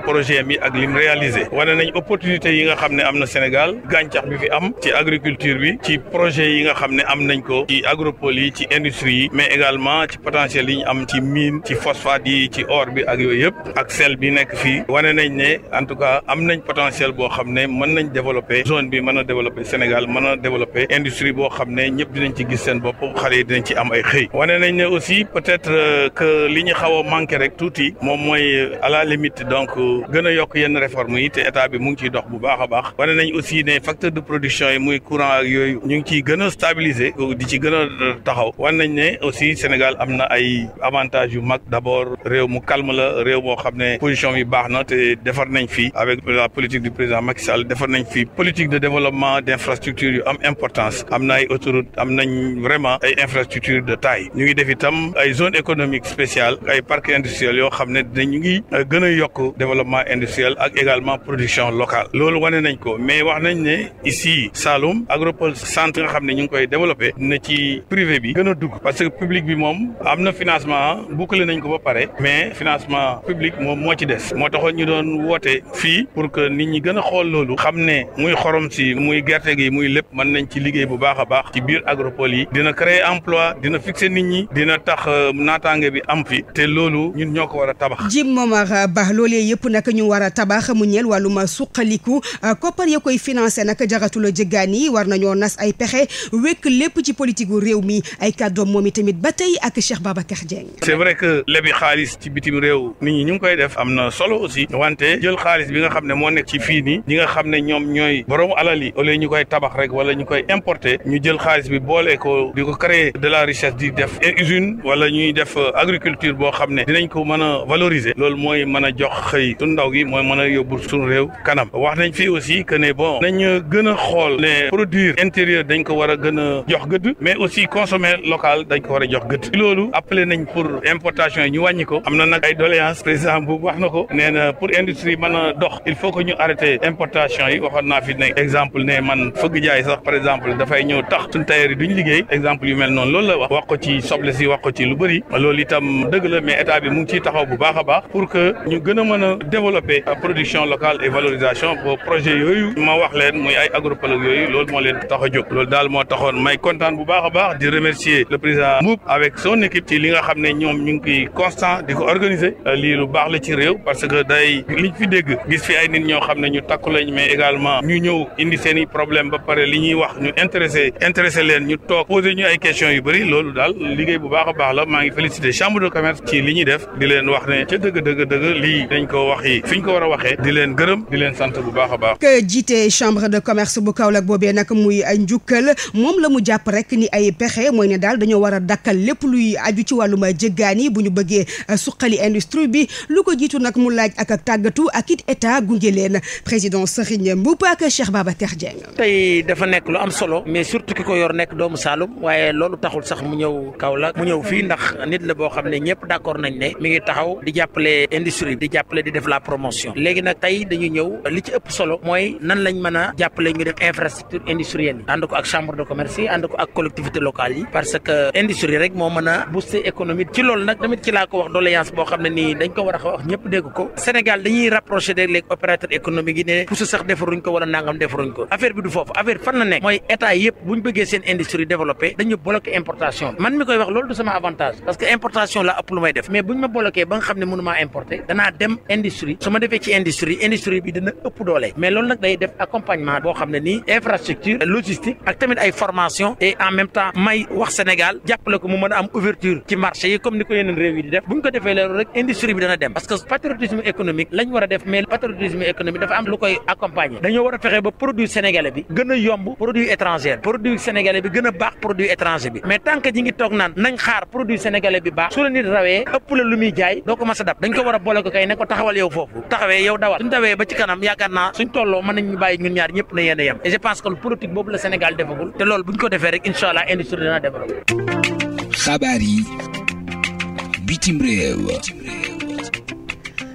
projet mi ak lim réalisé wane nañ opportunité yi nga xam ne am na Sénégal gàncax bi fi am ci agriculture bi ci projet yi nga xam ne am nañ ko ci agropole yi ci industrie yi mais également ci potentiel yi am ci mine ci phosphate yi ci or bi ak yooyu yëpp ak sel bi nekk fii wane nañ ne en tout cas am nañ potentiel boo xam ne mën nañ développer zone bi mën a développer Sénégal mën a développer industrie boo xam ne ñëpp dinañ ci gis seen bopp xale yi dinañ ci am ay xëy euh, a manqué rek tuuti yenn réforme yi te état bi mu ngi ciy dox bu baax a baax wane nañ aussi ne facteur de production muy courant ak ñu ngi ciy gën a stabiliser di ci gën a taxaw wane nañ ne aussi Sénégal am na ay avantage yu mag d' abord réew mu calme la réew moo xam ne position yi baax na te defar nañ fii avec la politique du président Macky Sall defar nañ fii politique de développement d' infrastructure yu am importance am na ay autoroute am nañ vraiment ay infrastructure de taille ñu ngi def itam ay zone économique spéciale ay parc industriel yoo xam ne dañu ngi gën a ak également production locale loolu wane nañ ko mais wax nañ ne ici Saloum agropole centre nga xam ne ñu ngi koy développé na ci privé bi gën a dugg parce que public bi moom am na financement bouclé nañ ko ba pare mais financement public moom moo ci des moo taxoon ñu doon woote fii pour que nit ñi gën a xool loolu xam ne muy xorom si muy gerte gi muy lépp mën nañ ci liggéey bu baax a baax ci biir agropole yi dina créer emploi dina fixer nit ñi dina tax euh, naataange bi am fi loolu ñun ñoo ko war a tabax. baax mu ñeel wàllum suqaliku euh, koppar ya koy financé nag jaratul jéggaan yi war nañoo nas ay pexe wekk lépp ci politique gu réew mi ay kàddoom moom itamit ba tey ak Cheikh Babacar Dieng. c'est vrai que lebi xaalis ci bitim réew nit ñi ñu ngi koy def am na solo aussi wante jël xaalis bi nga xam ne moo nekk ci fii nii ñi nga xam ne ñoom ñooy borom alal yi au ñu koy tabax rek wala ñu koy importer ñu jël xaalis bi boole ko di ko créer de la richesse di def usine wala ñuy def agriculture boo xam ne dinañ ko mën a valoriser loolu mooy mën a jox xëy a yóbbu suñu réew kanam wax nañ fii aussi que ne bon nañ a xool ne produire intérieur dañ ko war a a jox gëdd mais aussi consommer local dañ ko war a jox gëdd loolu appelé nañ pour importation yi ñu wàññi ko am na nag ay doléance président bu wax na ko nee pour industrie mën a dox il faut que ñu arrêté importation yi waxoon naa fi ne exemple ne man fëgg jaay sax par exemple dafay ñëw tax suñ tailleur duñ liggéey exemple yu mel noonu loolu la wax wax a baax a a production locale et valorisation ba projet yooyu ma wax leen muy ay agropologue yooyu loolu moo leen tax a jóg loolu daal moo taxoon may kontaan bu a baax di remercier le président Mboup avec son équipe ci li nga xam ne ñoom ñu ngi constant di ko organiser lii lu baax la ci réew parce que day liñ fi dégg gis fi ay nit ñoo xam ne ñu takku lañ mais également ñu ñëw indi seen i problème ba pare li ñuy wax ñu intéressé leen ñu toog posé ñu ay questions a a waxee di leen gërëm di leen sant bu baax a baax. de commerce bu Kaolack boobee nag muy njukkal moom la mu jàpp rek ni ay pexe mooy ne daal dañoo war a dakkal lépp luy aju ci wàllum jëggaan yi bu ñu bëggee euh, suqali industrie bi lu ko jiitu nag mu laaj ak ak tàggatu ak it état gunge leen président Serigne Mboup ak Cheikh Babacar Dieng. tey dafa nekk lu am solo mais surtout ki ko yor nekk doomu saalum waaye loolu taxul sax mu ñëw Kaolack mu ñëw fii ndax nit la boo xam ne ñëpp d'accord nañ ne mi ngi taxaw di jàppale industrie di jàppale di def la promotion. léegi nag tey dañu ñëw li ci ëpp solo mooy nan lañ mën a jàppale ñu def infrastructure industrielle yi ànd ko ak chambre de commerce yi ko ak collectivité locale yi parce que industrie rek moo mën a booster ci loolu nag tamit ci laa ko wax doléance boo xam ne nii dañ ko war a wax ñëpp dégg ko Sénégal dañuy rapproché de léegi opérateur économique yi ne pousse sax defaruñ ko wala nangam defaruñ ko affaire bi du foofu affaire fan nekk mooy état yëpp buñ industrie industrie bi dina ëpp doole mais loolu nag day def accompagnement boo xam ne nii infrastructure logistique ak tamit ay formation et en temps may wax Sénégal jàppale ko mu mën am ouverture ci marché yi comme ni ko yeneen réew yi di def bu ñu ko defee loolu rek industrie bi dafa am lu koy accompagner dañoo war a fexe ba produit sénégalais bi gën yomb produit étranger produit sénégalais bi gën baax produit étranger bi mais tant que ngi toog naan nañ xaar produit dawee yow dawal suñ dawee ba ci kanam yaakaar naa suñ ñun ñaar ñëpp na yéen yem et je pense que boobu la Sénégal defagul te loolu buñ ko defee rek incha allah bitim réew.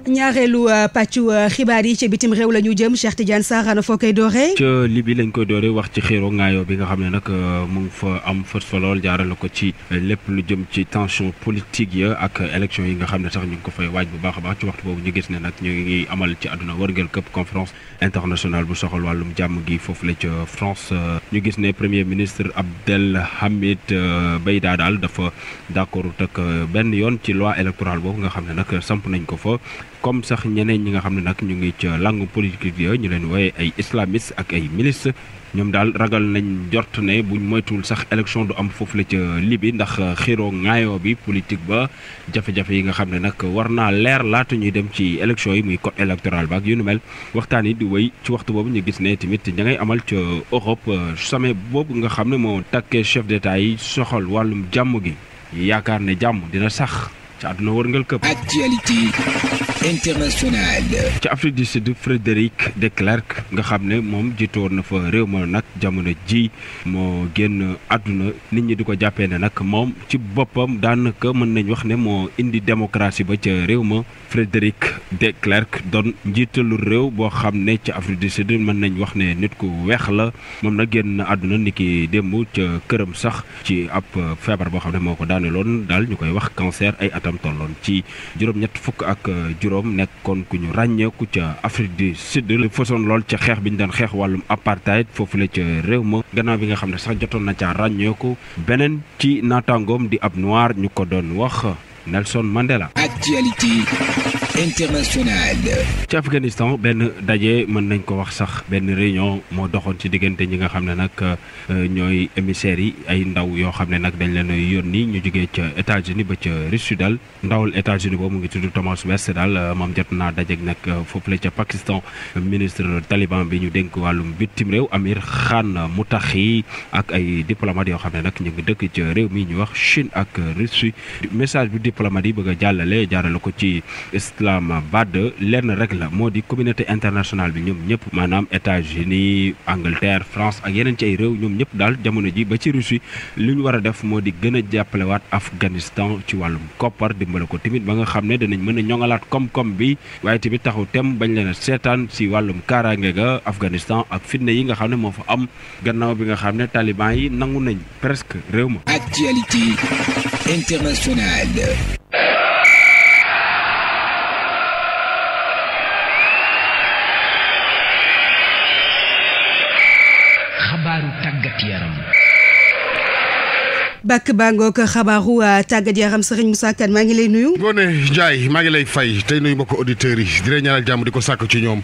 ñaareelu euh, pàccu euh, xibaar yi ci bitim réew la ñu jëm Cheikh Tidiane Sarr ana foo koy dooree. ca Libye lañ koy dooree wax ci xeeroo ngaayoo bi nga xam ne nag euh, mu ngi fa am fës fa lool jaarale ko ci lépp lu jëm ci tension politique ya ak élection yi nga xam ne sax ñu ngi ko fay waaj bu baax baax ci waxtu boobu ñu gis ne nag ñu ngi amal ci àdduna wërngël këpp conférence internationale bu soxal wàllum jàmm gi foofu la ca France ñu gis ne premier ministre Abdelhamid Bayda daal dafa d'accord ak benn yoon ci loi électorale boobu nga xam ne nag samp nañ ko fa comme sax ñeneen ñi nga xam ne nag ñu ngi ca langue politique yooyu ñu leen wooye ay islamistes ak ay milices ñoom daal ragal nañ jort ne buñ moytuwul sax élection du am foofu la ca libi ndax xiro ŋaayoo bi politique ba jafe-jafe yi nga xam ne nag war naa leer laata ñuy dem ci élection yi muy code électoral ba ak yu nu mel waxtaan yi di wéy ci waxtu boobu ñu gis ne tamit ña ngay amal ca Europe euh, sommet boobu nga xam ne moo takkee chef d'état yi soxal wàllum jàmm gi yaakaar ne jàmm dina sax ci àdduna wërngal internationale. ci Afrique du Sud Frédéric de Klerk nga xam ne moom jiitu woon na fa réew ma nag jamono ji moo génn àdduna nit ñi di ko jàppee ne nag moom ci boppam daanaka mën nañ wax ne moo indi démocratie ba ca réew ma Frédéric de Klerk doon njiitalu réew boo xam ne ci Afrique du Sud mën nañ wax ne nit ku weex la moom nag génn àdduna ni ki démb ca këram sax ci ab feebar boo xam ne moo ko daaneloon daal ñu koy wax cancer ay atam tolloon ci juróom-ñett fukk ak juróom. Diom nekkoon ku ñu ràññeeku ca Afrique di Sud li fësoon lool ca xeex bi ñu daan xeex wàllum apartheid foofu la ca réew ma gannaaw bi nga xam ne sax jotoon na caa ràññeeku beneen ci naataangoom di ab noir ñu ko doon wax Nelson Mandela. actualité. internationale. ci Afghanistan benn daje mën nañ ko wax sax benn réunion moo doxoon ci diggante ñi nga xam ne nag euh, ñooy émissaires yi ay ndaw yoo xam ne nag dañ leen yónni ñu jógee ca États-Unis ba ca Russie daal ndawal États-Unis boobu mu ngi tudd Thomas West daal euh, moom jot naa dajeeg nag euh, foofule ca Pakistan ministre taliban bi ñu dénk wàllum bitim réew Amir Khan Mutahi ak ay diplomates yoo xam ne nag ñu ngi dëkk ca réew mi ñu wax Chine ak Russie message bu diplomate yi bëgg jàllale jaarale ko ci islam Wade lenn rek la moo di communauté internationale bi ñoom ñëpp maanaam États-Unis Angleterre France ak yeneen ci ay réew ñoom ñëpp daal jamono ji ba ci Russie li ñu war a def moo di gën a jàppalewaat Afghanistan ci wàllum koppar dimbale ko tamit ba nga xam ne danañ mën a ñoŋalaat koom-koom bi waaye tamit taxaw tem bañ leen seetaan si wàllum kaaraange ga Afghanistan ak fitna yi nga xam ne moo fa am gannaaw bi nga xam ne taliban yi nangu nañ presque réew ma. bàkk baa ngoog xabaaru euh, tàggat yaram Serigne Moussa Kane maa ngi lay nuyu. Ngoné Ndiaye maa ngi lay fay tey nuyu mbokki auditeurs yi di leen ñaanal jàmm di ko sàkk ci ñoom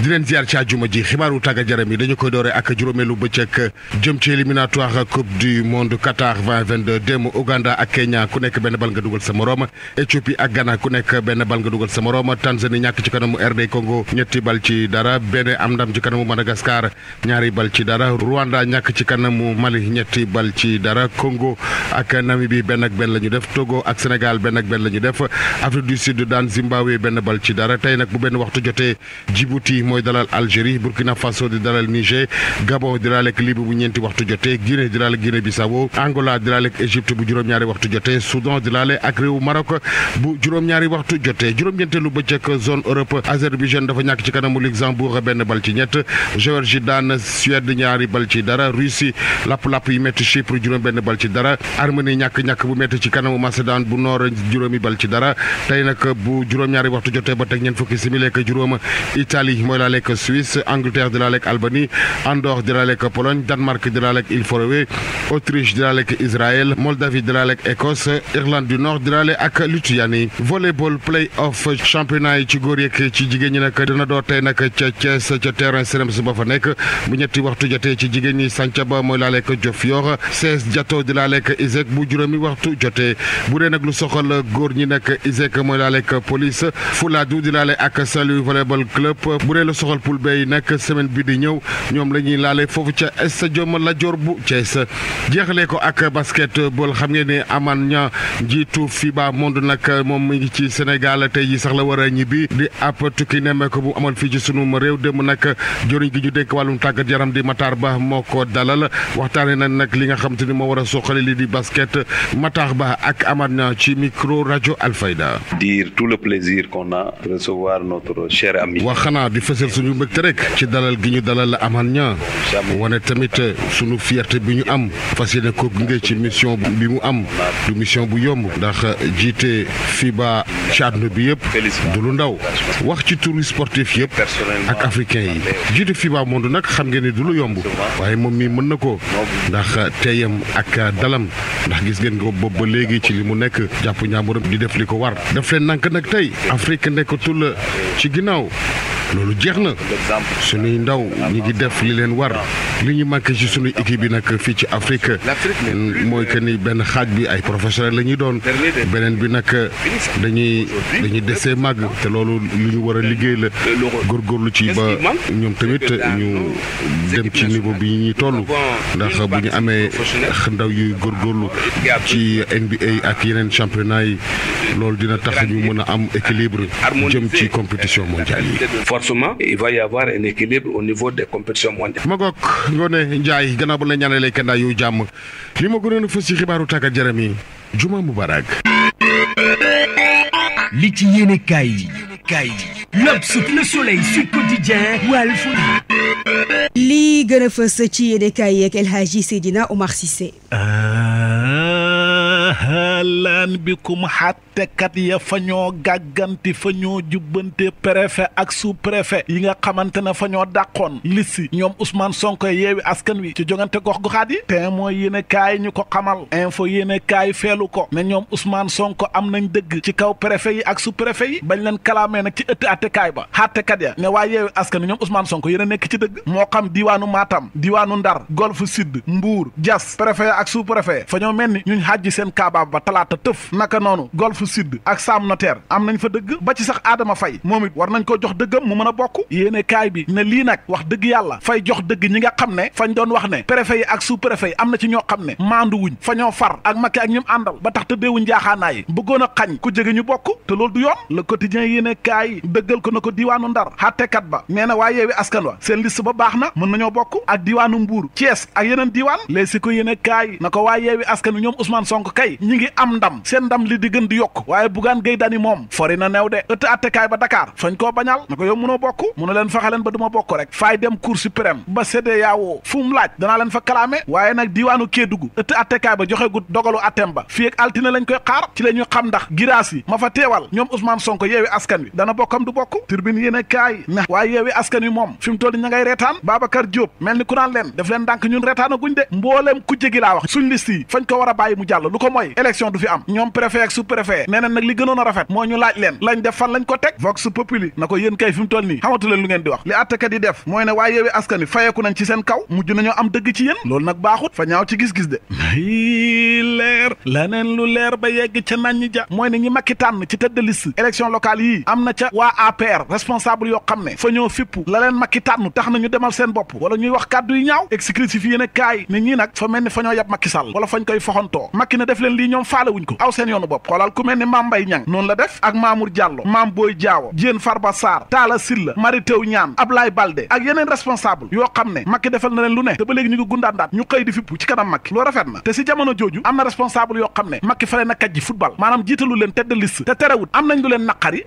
di leen ziar ci àjjuma ji xibaaru tàggat jaram yi dañu koy doore ak juróomeelu bëccëg jëm ci éliminatoire coupe du monde Qatar 2022 démb Ouganda ak Kenya ku nekk benn bal nga dugal sa morom Éthiopie ak gana ku nekk benn bal nga dugal sa morom Tanzanie ñàkk ci kanamu RD Congo ñetti bal ci dara benn am ndam ci kanamu Madagascar ñaari bal ci dara Rwanda ñàkk ci kanamu Mali ñetti bal ci dara Congo ak Namibie benn ak benn la ñu def Togo ak Sénégal benn ak benn la ñu def Afrique du Sud daan Zimbabwe benn bal ci dara tey nag bu benn waxtu jotee Djibouti mooy dalal Algérie Burkina Faso di dalal Niger Gabon di laaleeg Libye bu ñeenti waxtu jotee Guinée di laaleeg Guinée Bissau Angola di laaleeg Égypte bu juróom-ñaari waxtu jotee Soudan di laale ak réewu Maroc bu juróom-ñaari waxtu jotee juróom-ñeenteelu bëccëg zone Europe Azerbaïdjan dafa ñàkk ci kanamu Luxembourg benn bal ci ñett Géorgie daan ñaari bal ci dara Russie lapp-lapp yi métti benn bal ci dara dara Armenie ñàkk-ñàkk bu métti ci kanamu Macédoine bu Nord juróomi bal ci dara tey nag bu juróom-ñaari waxtu jotee ba teg ñeent fukki simili juróom Italie mooy laa lekk Suisse Angleterre di laa lekk Albanie Andorre di laa lekk Pologne Danemark di laa lekk Île Faroé Autriche di laa lekk Israël Moldavie di laa lekk Écosse Irlande du Nord di laa lekk ak Lituanie play off championnat ci góor ci jigéen nag dina door tey nag ca Thiès ca terrain ak ISEG bu juróomi waxtu jotee bu dee nag lu soxal góor ñi nag ISEG mooy laaleeg police Fuladu di laale ak Salut volleyball club bu dee lu soxal poule B yi nag semaine bi di ñëw ñoom la ñuy laale foofu ca stade Lat Dior bu Thiès jeexalee ko ak basketball xam ngeen ne Amane Niang njiitu FIBA monde nag moom mi ngi ci Sénégal tey jii sax la war a ñibbi di ab tukki nemmeeku bu amal fii ci sunu réew démb nag joriñ gi ñu dénk wàllum tàggat yaram di Matar Ba moo ko dalal waxtaanee na nag li nga xam te ni moo war a soxali lii di basket Matar Ba ak Amad na ci micro rajo tout le plaisir qu'on a de recevoir notre cher ami. wax xanaa di fësal suñu mbégte rek ci dalal gi ñu dalal Amad Niang wane tamit suñu fierté bi ñu am fas yéene ko gunge ci mission bi mu am du mission bu yomb ndax jiite FIBA ci àdduna bi yëpp du lu ndaw wax ci turu sportif yëpp ak africain yi jiite FIBA monde nag xam ngeen ne du lu yomb waaye moom mii mën na ko ndax teeyam ak dalam. ndax gis ngeen ko boobu ba léegi ci li mu nekk jàpp njàmburam di def li ko war def leen nank nag tey Afrique nekkatul ci ginnaaw loolu jeex na suñuy ndaw ñi ngi def li leen war li ñuy manqué ci suñu équipe bi nag fii ci Afrique mooy que ni benn xaaj bi ay professionnels lañuy doon beneen bi nag dañuy dañuy desee màgg te loolu li ñu war a liggéey la góorgóorlu ci ba ñoom tamit ñu dem ci niveau bi ñuy toll ndax bu ñu amee ndaw yuy góorgóorlu ci NBA ak yeneen championnat yi loolu dina tax ñu mën a am équilibre jëm ci compétition mondiale yi. forcément il va y gannaaw bu la ñaanalee kandaa yu jàmm li ma gënoon a fës ci xibaaru tàggat yaram yi juma li ci yéene kaay yi kay L'Obs, Le Soleil, Sud lii gën a fës ci yéene kay yeeg El Hadji Seydina Omar Cissé euh, haalaan bikum xàttekat ya fa ñoo gàgganti fa ñoo jubbante préfet ak sous préfet yi nga xamante ne fa ñoo dàqoon lissi ñoom Ousmane Sonko yeewi askan wi ci jongante gox goxaat yi te mooy yéen a kaay ñu ko xamal info yéen kaay feelu ko ne ñoom Ousmane Sonko am nañ dëgg ci kaw préfet yi ak sous préfet yi bañ leen kalaamee na ci ëtt àttekaay ba xàttekat ya ne waa yeewi askan wi ñoom usmaan Sonko yéen a nekk ci dëgg moo xam diwaanu maatam diwaanu Ndar Golf Sud Mbour ak sous préfet fa ñoo mel ni ñuñ xàjji seen kaab tubaab ba talaata tëf naka noonu golf sud ak saam Notaire am nañ fa dëgg ba ci sax Adama fay moom it war nañ ko jox dëggam mu mën a bokk yéene kaay bi ne lii nag wax dëgg yàlla fay jox dëgg ñi nga xam ne fañ doon wax ne préfet yi ak sous préfet yi am na ci ñoo xam ne maandu wuñ fa ñoo far ak makki ak ñim àndal ba tax tëddeewuñ jaaxaanaay bëggoon a xañ ku jege ñu bokk te loolu du yoon le quotidien yéene kaay dëggal ko na ko diiwaanu ndar xattekat ba nee na waa askan wa seen ba baax na mën nañoo bokk ak diiwaanu mbuur Thiès ak yeneen diiwaan léeg si ko yéene kaay ko waa yeewi askan wi ñoom Ousmane Sonko kay tey ñi ngi am ndam seen ndam li di gën di yokk waaye Bougane Gueye Dany moom fori na neew de ëtt attekaay ba Dakar fañ koo bañal na ko yow mënoo bokk mënu leen ba du ma rek faay dem cour suprême ba sédee yaawoo fu mu laaj danaa fa kalaame waaye nag diiwaanu Kédougou ëtt attekaay ba joxe gu dogalu attem ba fii ak altine lañ koy xaar ci la ñu xam ndax giraas yi ma fa teewal ñoom Ousmane Sonko yeewi askan wi dana bokkam du bokk turbine yéen kaay na waaye yeewi askan fi mu toll ña ngay ku naan leen def leen ndànk ñun a mooy élection du fi am ñoom préfet ak sous préfet nee na nag li gënoon a rafet moo ñu laaj leen lañ def fan lañ ko teg vox populi na ko yéen kay fi nii xamatu lu ngeen di wax li àttekat yi def mooy ne waa yeewi askan wi fayeeku nañ ci seen kaw mujj nañoo am dëgg ci yéen loolu nag baaxut fa ñaaw ci gis-gis de ay leer laneen lu leer ba yegg ca nañ ja mooy ne ñi makki tànn ci tëdd liste élection locale yii am na ca waa APR responsable yoo xam ne fa ñoo fipp la leen makki tànn tax na demal seen bopp wala ñuy wax kàddu yi ñaaw exclusif yi ne kaay ne ñii nag fa mel ni fa ñoo yab Macky Sall wala fañ leen lii ñoom faale wuñ ko aw seen yoonu bopp xoolal ku mel ni Mame Mbaye Niang la def ak Mamour Diallo Mame Boye Diao Diène Farba Sarr Talla Sylla Mary Teuw Niane Ablaye Baldé ak yeneen responsable yoo xam ne Macky defal na leen lu ne te ba léegi ñu ngi gundaandaat ñu xëy di fippu ci kanam Macky loolu rafet na te si jamono jooju am na responsable yoo xam ne Macky fale na kajji football maanaam jiitalu leen tedd liste te terewut am nañ leen naqari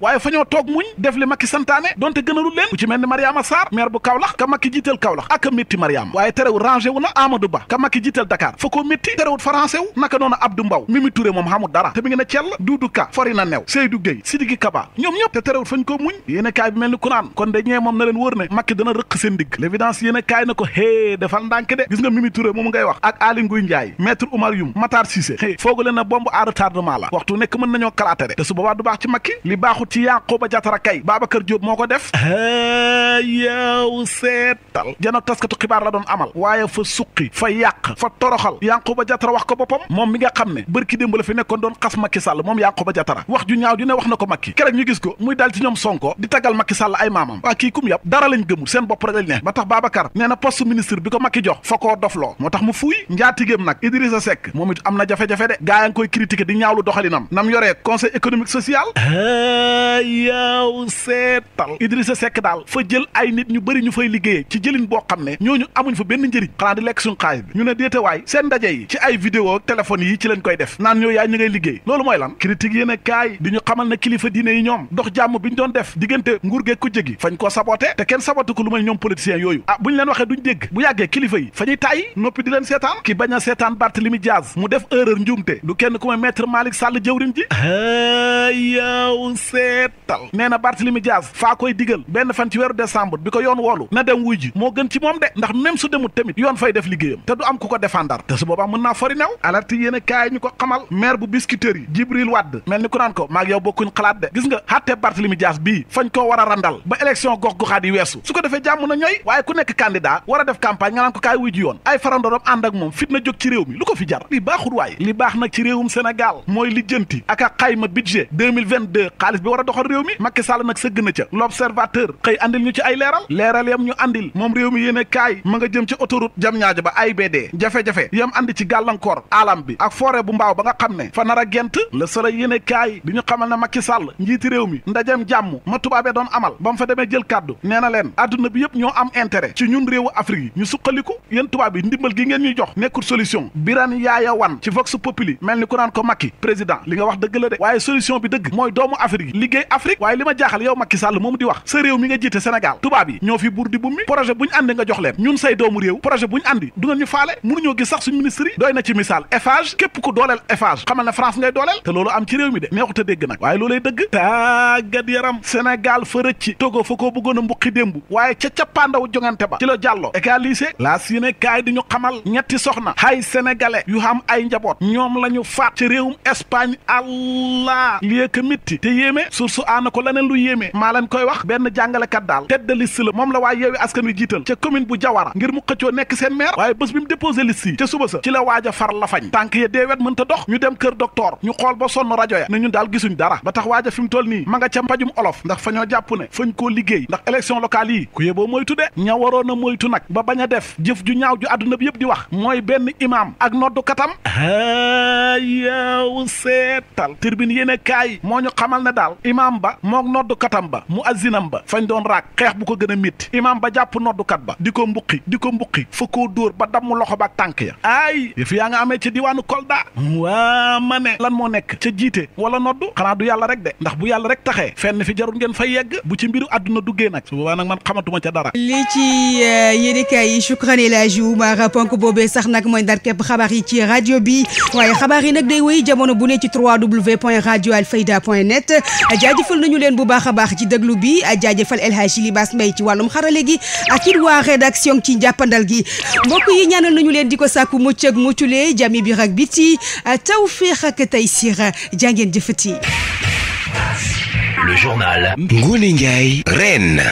Mbaw Mimi Touré moom xamul dara te mi ngi ne cell Doudou Ka fori na new Seydou Gueye Sidiki Kaba ñoom ñëpp te terewul fañ ko muñ yéen a kaay bi mel ni ku naan kon de ñee moom na leen wóor ne Macky dana rëq seen digg l'évidence a kaay na ko hee defal ndànk de gis nga Mimi Touré moom ngay wax ak Aly Ngouille Ndiaye Maître Oumar Youm Matar Cissé foogu leen na bombe à la waxtu nekk mën nañoo kalaate de te su boobaa du baax ci Macky li baaxut ci Yankhoba Diattara kay mi nga xam bërki démb la fi nekkoon doon xas Macky Sall moom Yankhoba Diattara wax ju ñaaw ju ne wax na ko Macky keroog ñu gis ko muy daal ci ñoom Sonko di taggal Macky sàll ay maamam waa kii kum yàpp dara lañ gëmul seen bopp rek lañ ne ba tax Babacar nee na poste ministre bi ko Macky jox fa koo dofloo moo tax mu fuuy njaatigéem nag Idrissa sekk moom it am na jafe-jafe de gaa yaa ngi koy critiquer di ñaawlu doxalinam nam yoree conseil économique social ah, yaaw seetal Idrissa daal fa jël ay nit ñu bëri ñu fay liggéeyee ci jëlin boo xam ne ñooñu amuñ fa benn njëriñ xanaa lekk suñ ñu ne déetewaay seen ndaje yi ci ay vidéo téléphone yi ci lañ koy def naan ñoo yaay ñu liggéey loolu mooy lan critique yéen a kaay di ñu xamal ne kilifa diine yi ñoom dox jàmm bi ñu doon def diggante nguur gee ku jégi fañ koo saboote te kenn saboté ko lu may ñoom politiciens yooyu ah bu ñu leen waxee duñ dégg bu yàggee kilifa yi fa ñuy tàyyi noppi di leen seetaan ki bañ a seetaan Barthélémy Dias mu def erreur njuumte du kenn ku may maître Malick Sall jëwriñ ji ah, yow seetal nee na Barthélémy Dias faa koy digal benn fan ci weeru décembre bi ko yoon woolu na dem moo gën ci moom de ndax même su demut tamit yoon fay def liggéeyam te du am ku ko défendar te su naa fori new ko xamal maire bu Biscuiterie yi Djibril Wade mel ni ku naan ko maag yow bokkuñ xalaat de gis nga xattee Barthélemy Dias bii fañ koo war a randal ba élection gox goxaat yi weesu su ko defee jàmm na ñooy waaye ku nekk candidat war a def campagne nga naan ko kaay wuy yoon ay farandorom ànd ak moom fit jóg ci réew mi lu ko fi jar li baaxul waay li baax nag ci réewum Sénégal mooy lijjanti ak a xayma budget 2022 xaalis bi war a doxal réew mi Macky Sall nag sëgg na ba AIBD jafe-jafe yam andi ci gàllankoor mbaaw ba nga xam ne fa nar a gent le soleil yéene kaay di ñu xamal ne Macky Sall njiiti réew mi ndajeem jàmm ma tubaabee doon amal ba mu fa demee jël kàddu nee na leen adduna bi yëpp ñoo am intérêt ci ñun réewu Afrique yi ñu suqaliku yéen tubaab yi ndimbal gi ngeen ñuy jox nekkul solution biran yaaya wan ci vox populi mel ni ku naan ko Macky président li nga wax dëgg la de waaye solution bi dëgg mooy doomu Afrique yi liggéey Afrique waaye li ma jaaxal sa réew mi nga jiite Sénégal tubaab yi ñoo fi buur di bummi projet bu ñu àndi nga jox du ngeen ñu faale mënuñoo gis sax dooleel Eiffage xamal ne France ngay dooleel te loolu am ci réew mi de neexut a dégg nag waaye loolay dëgg tàggat yaram Sénégal fa rëcc Togo fa koo bëggoon a mbuqi démb waaye ca cappaandaw jongante ba ci la jàlloo égalisé laa si ne kaay di ñu xamal ñetti soxna hay sénégalais yu xam ay njaboot ñoom la ñu faat ci réewum Espagne allah liyeeka mitti te yéeme sursu aana ko leneen lu yéeme maa leen koy wax benn jàngalekat daal tête de liste la moom la waa yeewi bu Jawara ngir mu nekk seen maire waaye bés bi mu la waaj a la fañ tànk ya dee mënta dox ñu dem kër docteur ñu xool ba sonn rajo ya na ñun daal gisuñ dara ba tax waaja fi mu toll nii manga nga ca pajum olof ndax fa jàppu jàpp ne fañ koo liggéey ndax élection locale yi ku yeboo moytu de ña waroon a moytu nag ba bañ a def jëf ju ñaaw ju àdduna bi yëpp di wax mooy benn imaam ak noddu katam a yow seetal turbine yéene kaay moo ñu xamal ne daal imaam ba mook noddu katam ba mu azinam ba fañ doon raak xeex bu ko gën a mitti imaam ba jàpp noddukat ba di ko mbuqi di ko mbuqi fa koo dóor ba damm loxo ba tànk ya ay yëf yaa Kolda waa ma lan moo nekk ca jiite wala noddu xanaa du yàlla rek de ndax bu yàlla rek taxee fenn fi jarul ngeen fay yegg bu ci mbiru àdduna duggee nag su boobaa nag man xamatuma ca dara lii ci eh, yéenekaay yi Shukran El Hadji Oumar ponk boobee sax nag mooy ndar képp xabaar yi ci rajo bi waaye xabaar yi nag day wéy jamono bu ne ci 3w point radio alfayda point net jaajëfal nañu leen bu baax a baax ci déglu bi jaajëfal El Hadji Libaas Mbay ci wàllum xarale gi ak it waa rédaction ci njàppandal gi mbokk yi ñaanal nañu leen di ko sàkku mucc Euh, tawféex ak taysiir jàngeen jëfati Le journal Ngoné Ndiaye Reine